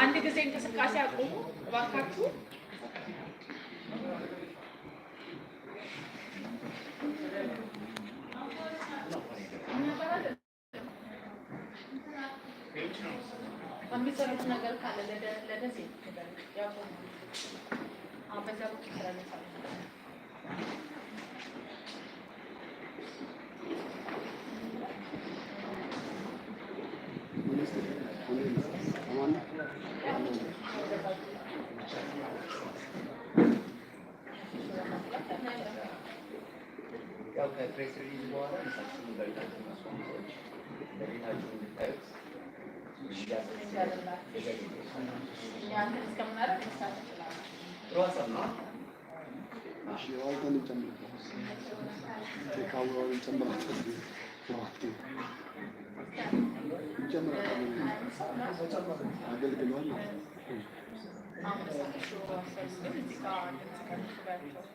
አንድ ጊዜ እንቅስቃሴ አቁሙ እባካችሁ። የሚሰሩት ነገር ካለ ለደሴ ያቆሙ በዛ Três Lisboanas, a solidariedade nas c o n t s s o u o t a o ğ u d a v i d a g e u m a e n şu sen m i k a ğ a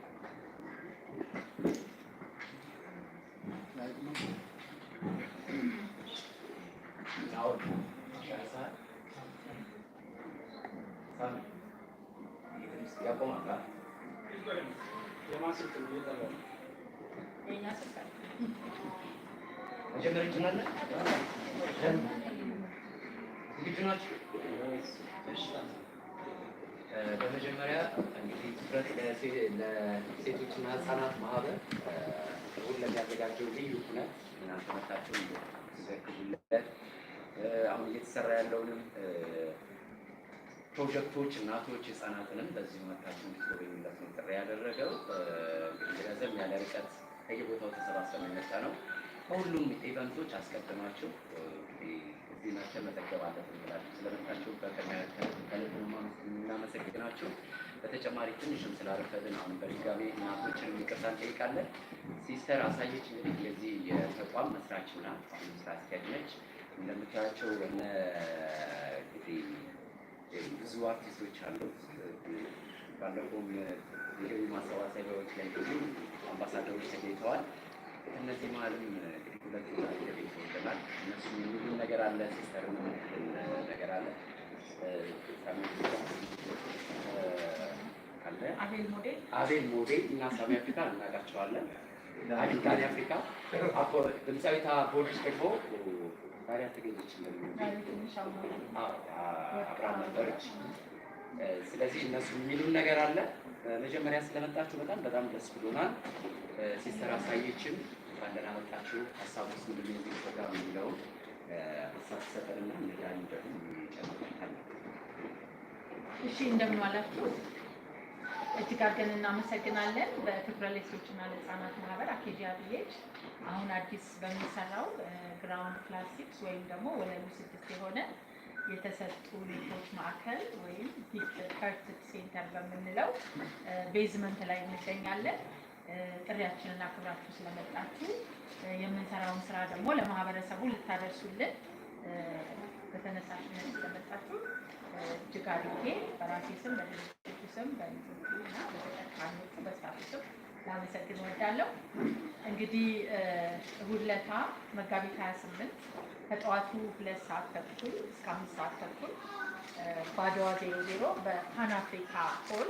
Doğru. Yani sen, sen yapamadın ha? መጀመሪያ ጅን አለ ዝግጁ ናቸው? በመጀመሪያ እንግዲህ ትኩረት ለሴቶችና ህጻናት ማህበር ሁለት ያዘጋጀው ልዩ ሁነት እናንተ መታችሁ ዘግቡለት አሁን እየተሰራ ያለውንም ፕሮጀክቶች እናቶች ህጻናትንም በዚሁ መታችሁ እንድትጎበኙለት ነው ጥሪ ያደረገው። እንግዲህ ረዘም ያለ ርቀት ከየቦታው ተሰባስበን የመጣ ነው። ከሁሉም ኢቨንቶች አስቀድማችሁ እዚህ ናቸው መዘገብ አለብን ብላችሁ ስለመጣችሁ ከልብ እናመሰግናችሁ። በተጨማሪ ትንሽም ስላረፈድን አሁን በድጋሚ እናቶችን ይቅርታ እንጠይቃለን። ሲስተር አሳየች እንግዲህ የዚህ የተቋም መስራችና አሁን ስራ አስኪያጅ ነች። እንደምታያቸው እነ እንግዲህ ብዙ አርቲስቶች አሉት። ባለፈውም የገቢ ማሰባሰቢያዎች ላይ ብዙ አምባሳደሮች ተገኝተዋል። ከእነዚህ መሀልም እንግዲህ ሁለት ተገኝተው ይለናል። እነሱ የሚሉን ነገር አለ፣ ሲስተር የምትል ነገር አለ አለ አቤል ሞዴል እና ሳሚ አፍሪካ እናውቃቸዋለን። አዲካን አፍሪካ ድምፃዊታ ቦርድ ደግሞ ባሪያ ተገኘች አብራም ነበረች። ስለዚህ እነሱ የሚሉን ነገር አለ። መጀመሪያ ስለመጣችሁ በጣም በጣም ደስ ብሎናል። ሲስተር አሳየችም ባለን አመጣችሁ ሀሳብ ውስጥ ምንድን ነው ፕሮግራም የሚለው ሀሳብ ትሰጠንና እንደዳኒ ደግሞ ጨምርታለ። እሺ እንደምን ዋላችሁ? እጅግ አድርገን እናመሰግናለን። በትኩረ ለሴቶችና ለህፃናት ማህበር አኬዲያ ቪሌጅ አሁን አዲስ በሚሰራው ግራውንድ ክላሲክስ ወይም ደግሞ ወለሉ ስድስት የሆነ የተሰጡ ልጆች ማዕከል ወይም ፐርት ሴንተር በምንለው ቤዝመንት ላይ እንገኛለን። ጥሪያችንን አክብራችሁ ስለመጣችሁ የምንሰራውን ስራ ደግሞ ለማህበረሰቡ ልታደርሱልን በተነሳሽነት ስለመጣችሁ እጅግ አድርጌ በራሴ ስም በድርጅቱ ስም በ እና ለተጠቃሚዎቹ በስታፎችም ላመሰግን እወዳለሁ። እንግዲህ እሑድ ዕለት መጋቢት 28 ከጠዋቱ ሁለት ሰዓት ተኩል እስከ አምስት ሰዓት ተኩል በአድዋ ዜሮ ዜሮ በፓን አፍሪካ ሆል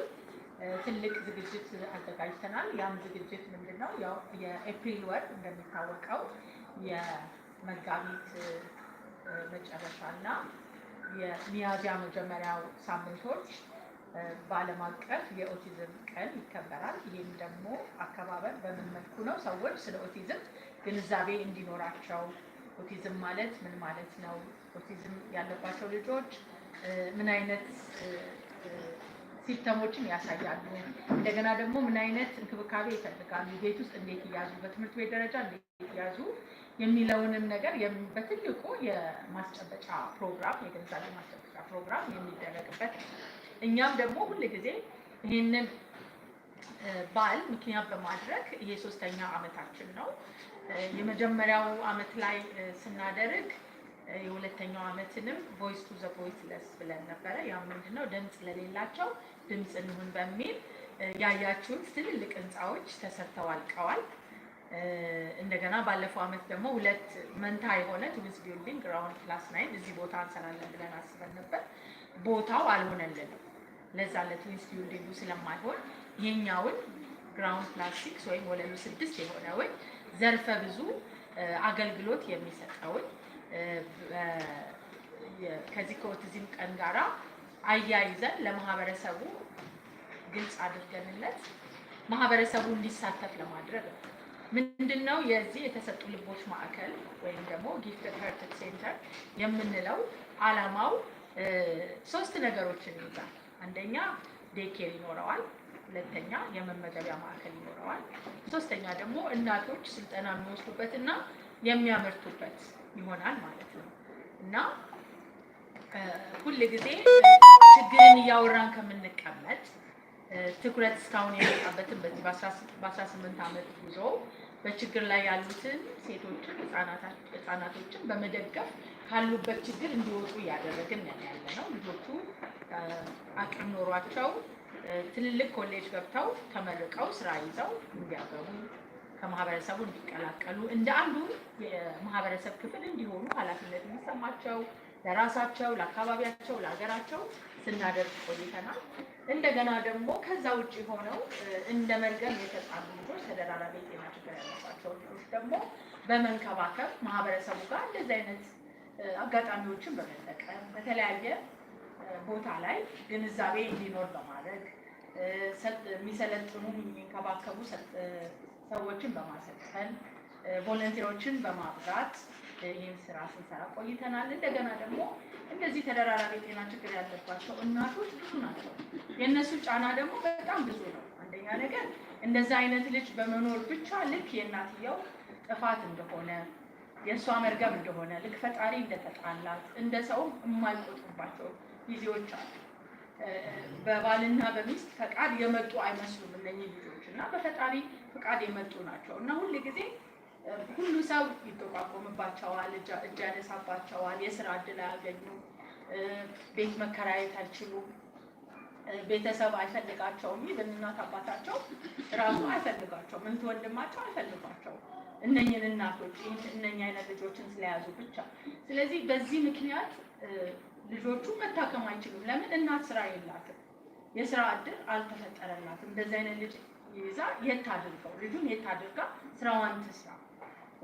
ትልቅ ዝግጅት አዘጋጅተናል። ያም ዝግጅት ምንድን ነው? የኤፕሪል ወር እንደሚታወቀው የመጋቢት መጨረሻና የሚያዝያ መጀመሪያው ሳምንቶች በዓለም አቀፍ የኦቲዝም ቀን ይከበራል። ይህም ደግሞ አከባበር በምን መልኩ ነው? ሰዎች ስለ ኦቲዝም ግንዛቤ እንዲኖራቸው ኦቲዝም ማለት ምን ማለት ነው? ኦቲዝም ያለባቸው ልጆች ምን አይነት ሲስተሞችን ያሳያሉ? እንደገና ደግሞ ምን አይነት እንክብካቤ ይፈልጋሉ? ቤት ውስጥ እንዴት ይያዙ? በትምህርት ቤት ደረጃ እንዴት ይያዙ? የሚለውንም ነገር በትልቁ የማስጨበጫ ፕሮግራም የግንዛቤ ማስጨበጫ ፕሮግራም የሚደረግበት እኛም ደግሞ ጊዜ ይህንን በዓል ምክንያት በማድረግ የሶስተኛ ዓመታችን ነው። የመጀመሪያው ዓመት ላይ ስናደርግ የሁለተኛው ዓመትንም ቮይስ ቱ ዘ ለስ ብለን ነበረ። ያ ነው? ድምፅ ለሌላቸው ድምፅ እንሁን በሚል ያያችሁት ትልልቅ ህንፃዎች ተሰርተው አልቀዋል። እንደገና ባለፈው አመት ደግሞ ሁለት መንታ የሆነ ትውልድ ቢልዲንግ ግራውንድ ክላስ ናይን እዚህ ቦታ እንሰራለን ብለን አስበን ነበር። ቦታው አልሆነልንም። ለዛ ለትዊንስ ቢልዲንጉ ስለማይሆን ይሄኛውን ግራውንድ ክላስ ሲክስ ወይም ወለሉ ስድስት የሆነውን ዘርፈ ብዙ አገልግሎት የሚሰጠውን ከዚህ ከኦቲዝም ቀን ጋራ አያይዘን ለማህበረሰቡ ግልጽ አድርገንለት ማህበረሰቡ እንዲሳተፍ ለማድረግ ነው። ምንድን ነው የዚህ የተሰጡ ልቦች ማዕከል ወይም ደግሞ ጊፍትድ ሀርትድ ሴንተር የምንለው አላማው ሶስት ነገሮችን ይይዛል። አንደኛ ዴኬር ይኖረዋል፣ ሁለተኛ የመመገቢያ ማዕከል ይኖረዋል፣ ሶስተኛ ደግሞ እናቶች ስልጠና የሚወስዱበት እና የሚያመርቱበት ይሆናል ማለት ነው እና ሁል ጊዜ ችግርን እያወራን ከምንቀመጥ ትኩረት እስካሁን የመጣበትን በዚህ በ18 ዓመት ጉዞ በችግር ላይ ያሉትን ሴቶችን፣ ህጻናቶችን በመደገፍ ካሉበት ችግር እንዲወጡ እያደረግን ያለ ነው። ልጆቹ አቅም ኖሯቸው ትልልቅ ኮሌጅ ገብተው ተመርቀው ስራ ይዘው እንዲያገቡ ከማህበረሰቡ እንዲቀላቀሉ እንደ አንዱ የማህበረሰብ ክፍል እንዲሆኑ ኃላፊነት እንዲሰማቸው ለራሳቸው፣ ለአካባቢያቸው፣ ለሀገራቸው ስናደርግ ቆይተናል። እንደገና ደግሞ ከዛ ውጭ ሆነው እንደ መርገም የተጣሉ ልጆች ተደራራቢ የጤና ችግር ያለባቸው ልጆች ደግሞ በመንከባከብ ማህበረሰቡ ጋር እንደዚህ አይነት አጋጣሚዎችን በመጠቀም በተለያየ ቦታ ላይ ግንዛቤ እንዲኖር በማድረግ የሚሰለጥኑ የሚንከባከቡ ሰዎችን በማሰልጠን ቮለንቲሮችን በማብዛት ይህን ስራ ስንሰራ ቆይተናል። እንደገና ደግሞ እንደዚህ ተደራራቢ የጤና ችግር ያለባቸው እናቶች ብዙ ናቸው። የእነሱ ጫና ደግሞ በጣም ብዙ ነው። አንደኛ ነገር እንደዛ አይነት ልጅ በመኖር ብቻ ልክ የእናትየው ጥፋት እንደሆነ የእሷ መርገም እንደሆነ ልክ ፈጣሪ እንደተጣላት እንደ ሰውም የማይቆጥሩባቸው ጊዜዎች አሉ። በባልና በሚስት ፈቃድ የመጡ አይመስሉም እነኚህ ልጆች እና በፈጣሪ ፈቃድ የመጡ ናቸው እና ሁል ጊዜ ሁሉ ሰው ይጠቋቆምባቸዋል፣ እጅ ያነሳባቸዋል፣ የስራ እድል አያገኙም፣ ቤት መከራየት አይችሉም፣ ቤተሰብ አይፈልጋቸውም። ይህ እናት አባታቸው ራሱ አይፈልጋቸውም፣ እንት ወንድማቸው አይፈልጓቸውም። እነኝን እናቶች እነኝ አይነት ልጆችን ስለያዙ ብቻ። ስለዚህ በዚህ ምክንያት ልጆቹ መታከም አይችሉም። ለምን እናት ስራ የላትም፣ የስራ እድል አልተፈጠረላትም። እንደዚህ አይነት ልጅ ይዛ የት አድርገው ልጁን የት አድርጋ ስራዋን ትስራ?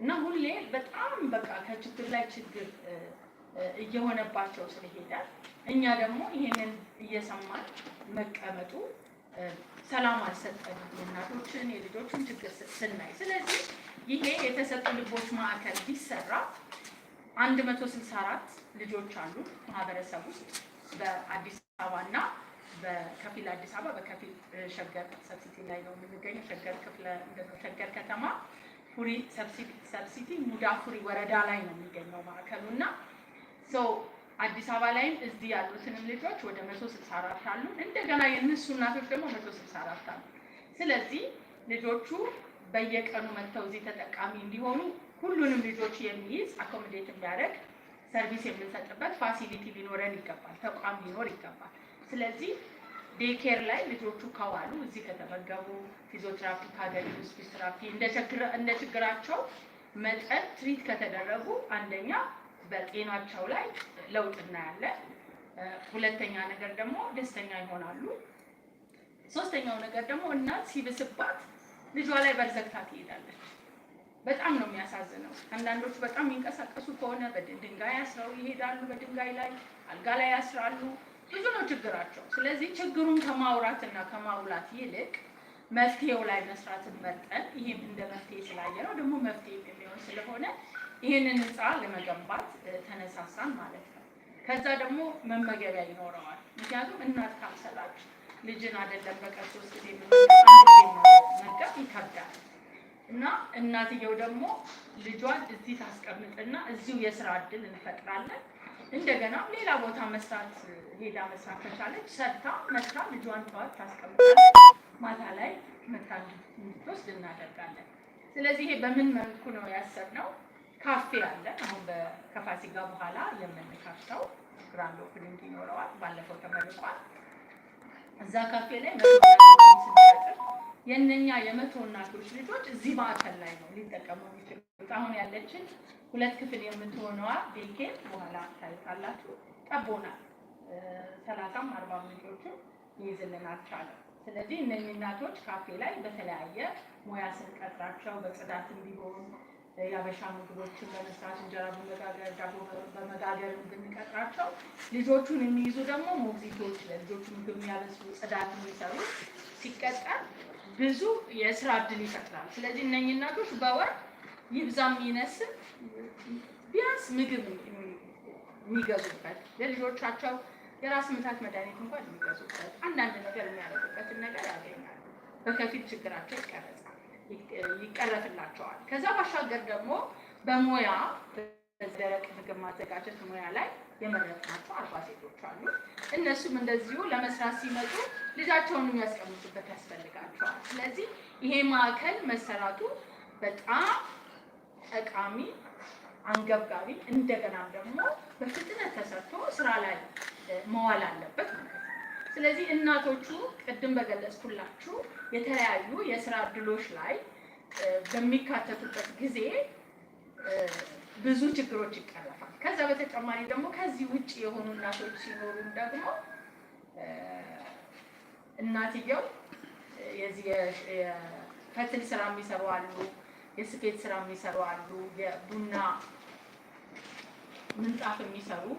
እና ሁሌ በጣም በቃ ከችግር ላይ ችግር እየሆነባቸው ስለሄደ እኛ ደግሞ ይሄንን እየሰማን መቀመጡ ሰላም አልሰጠን፣ የእናቶችን የልጆችን ችግር ስናይ፣ ስለዚህ ይሄ የተሰጡ ልቦች ማዕከል ቢሰራ 164 ልጆች አሉ ማህበረሰብ ውስጥ በአዲስ አበባና በከፊል አዲስ አበባ በከፊል ሸገር ሰብሲቲ ላይ ነው የምንገኘው ሸገር ከተማ ሁሪ ሰብሲቲ ሙዳፉሪ ወረዳ ላይ ነው የሚገኘው ማዕከሉ እና አዲስ አበባ ላይም እዚህ ያሉትንም ልጆች ወደ መቶ ስልሳ አራት አሉ። እንደገና የእነሱ እናቶች ደግሞ መቶ ስልሳ አራት አሉ። ስለዚህ ልጆቹ በየቀኑ መጥተው እዚህ ተጠቃሚ እንዲሆኑ ሁሉንም ልጆች የሚይዝ አኮሞዴት የሚያደርግ ሰርቪስ የምንሰጥበት ፋሲሊቲ ሊኖረን ይገባል፣ ተቋም ሊኖር ይገባል። ስለዚህ ዴኬር ላይ ልጆቹ ከዋሉ እዚህ ከተመገቡ ፊዚዮቴራፒ ካገኙ ስፒች እንደ ችግራቸው መጠን ትሪት ከተደረጉ አንደኛ በጤናቸው ላይ ለውጥ እናያለን። ሁለተኛ ነገር ደግሞ ደስተኛ ይሆናሉ። ሶስተኛው ነገር ደግሞ እናት ሲብስባት ልጇ ላይ በርዘግታ ትሄዳለች። በጣም ነው የሚያሳዝነው። አንዳንዶቹ በጣም የሚንቀሳቀሱ ከሆነ በድንጋይ አስረው ይሄዳሉ። በድንጋይ ላይ አልጋ ላይ ያስራሉ። ብዙ ነው ችግራቸው። ስለዚህ ችግሩን ከማውራትና ከማውላት ይልቅ መፍትሄው ላይ መስራትን መርጠን ይህም እንደ መፍትሄ ነው ደግሞ መፍትሄ የሚሆን ስለሆነ ይህንን ህንፃ ለመገንባት ተነሳሳን ማለት ነው። ከዛ ደግሞ መመገቢያ ይኖረዋል። ምክንያቱም እናት ካልሰላች ልጅን አይደለም በቀን ሶስት ጊዜ መመገብ ይከብዳል። እና እናትየው ደግሞ ልጇን እዚህ ታስቀምጥና እዚሁ የስራ እድል እንፈጥራለን እንደገና ሌላ ቦታ መስራት ሄዳ መስራት ከቻለች ሰርታ መስራ ልጇን ጠዋት ታስቀምጣለች፣ ማታ ላይ መታ እንድትወስድ እናደርጋለን። ስለዚህ ይሄ በምን መልኩ ነው ያሰብነው? ካፌ አለ። አሁን ከፋሲካ በኋላ የምንከፍተው ግራንድ ኦፕኒንግ ይኖረዋል። ባለፈው ተመርቋል። እዛ ካፌ ላይ መ የእነኛ የመቶ እናቶች ልጆች እዚህ ማዕከል ላይ ነው ሊጠቀሙ የሚችሉት። አሁን ያለችን ሁለት ክፍል የምትሆነዋ ቤኬን በኋላ ታይታላችሁ። ጠቦናል። ሰላሳም አርባም ልጆችን ይይዝልን አልቻለም። ስለዚህ እነኚህ እናቶች ካፌ ላይ በተለያየ ሙያ ስንቀጥራቸው በጽዳት እንዲሆን የአበሻ ምግቦችን በመስራት እንጀራ በመጋገር ዳቦ በመጋገር ብንቀጥራቸው ልጆቹን የሚይዙ ደግሞ ሞግዚቶች፣ ለልጆቹ ምግብ የሚያበስሉ ጽዳት የሚሰሩ ሲቀጠር ብዙ የስራ እድል ይፈጥራል። ስለዚህ እነኝ እናቶች በወር ይብዛም ይነስም ቢያንስ ምግብ የሚገዙበት ለልጆቻቸው የራስ ምታት መድኃኒት እንኳን የሚገዙበት አንዳንድ ነገር የሚያደርጉበትን ነገር ያገኛሉ። በከፊል ችግራቸው ይቀረጻል ይቀረፍላቸዋል። ከዛ ባሻገር ደግሞ በሙያ ደረቅ ምግብ ማዘጋጀት ሙያ ላይ የመረጥናቸው አርባ ሴቶች አሉ። እነሱም እንደዚሁ ለመስራት ሲመጡ ልጃቸውን የሚያስቀምጡበት ያስፈልጋቸዋል። ስለዚህ ይሄ ማዕከል መሰራቱ በጣም ጠቃሚ አንገብጋቢ፣ እንደገና ደግሞ በፍጥነት ተሰርቶ ስራ ላይ መዋል አለበት ማለት ነው። ስለዚህ እናቶቹ ቅድም በገለጽኩላችሁ የተለያዩ የስራ እድሎች ላይ በሚካተቱበት ጊዜ ብዙ ችግሮች ይቀረፋል። ከዛ በተጨማሪ ደግሞ ከዚህ ውጭ የሆኑ እናቶች ሲኖሩም ደግሞ እናትየው የዚህ የፈትል ስራ የሚሰሩ አሉ፣ የስፌት ስራ የሚሰሩ አሉ፣ የቡና ምንጣፍ የሚሰሩ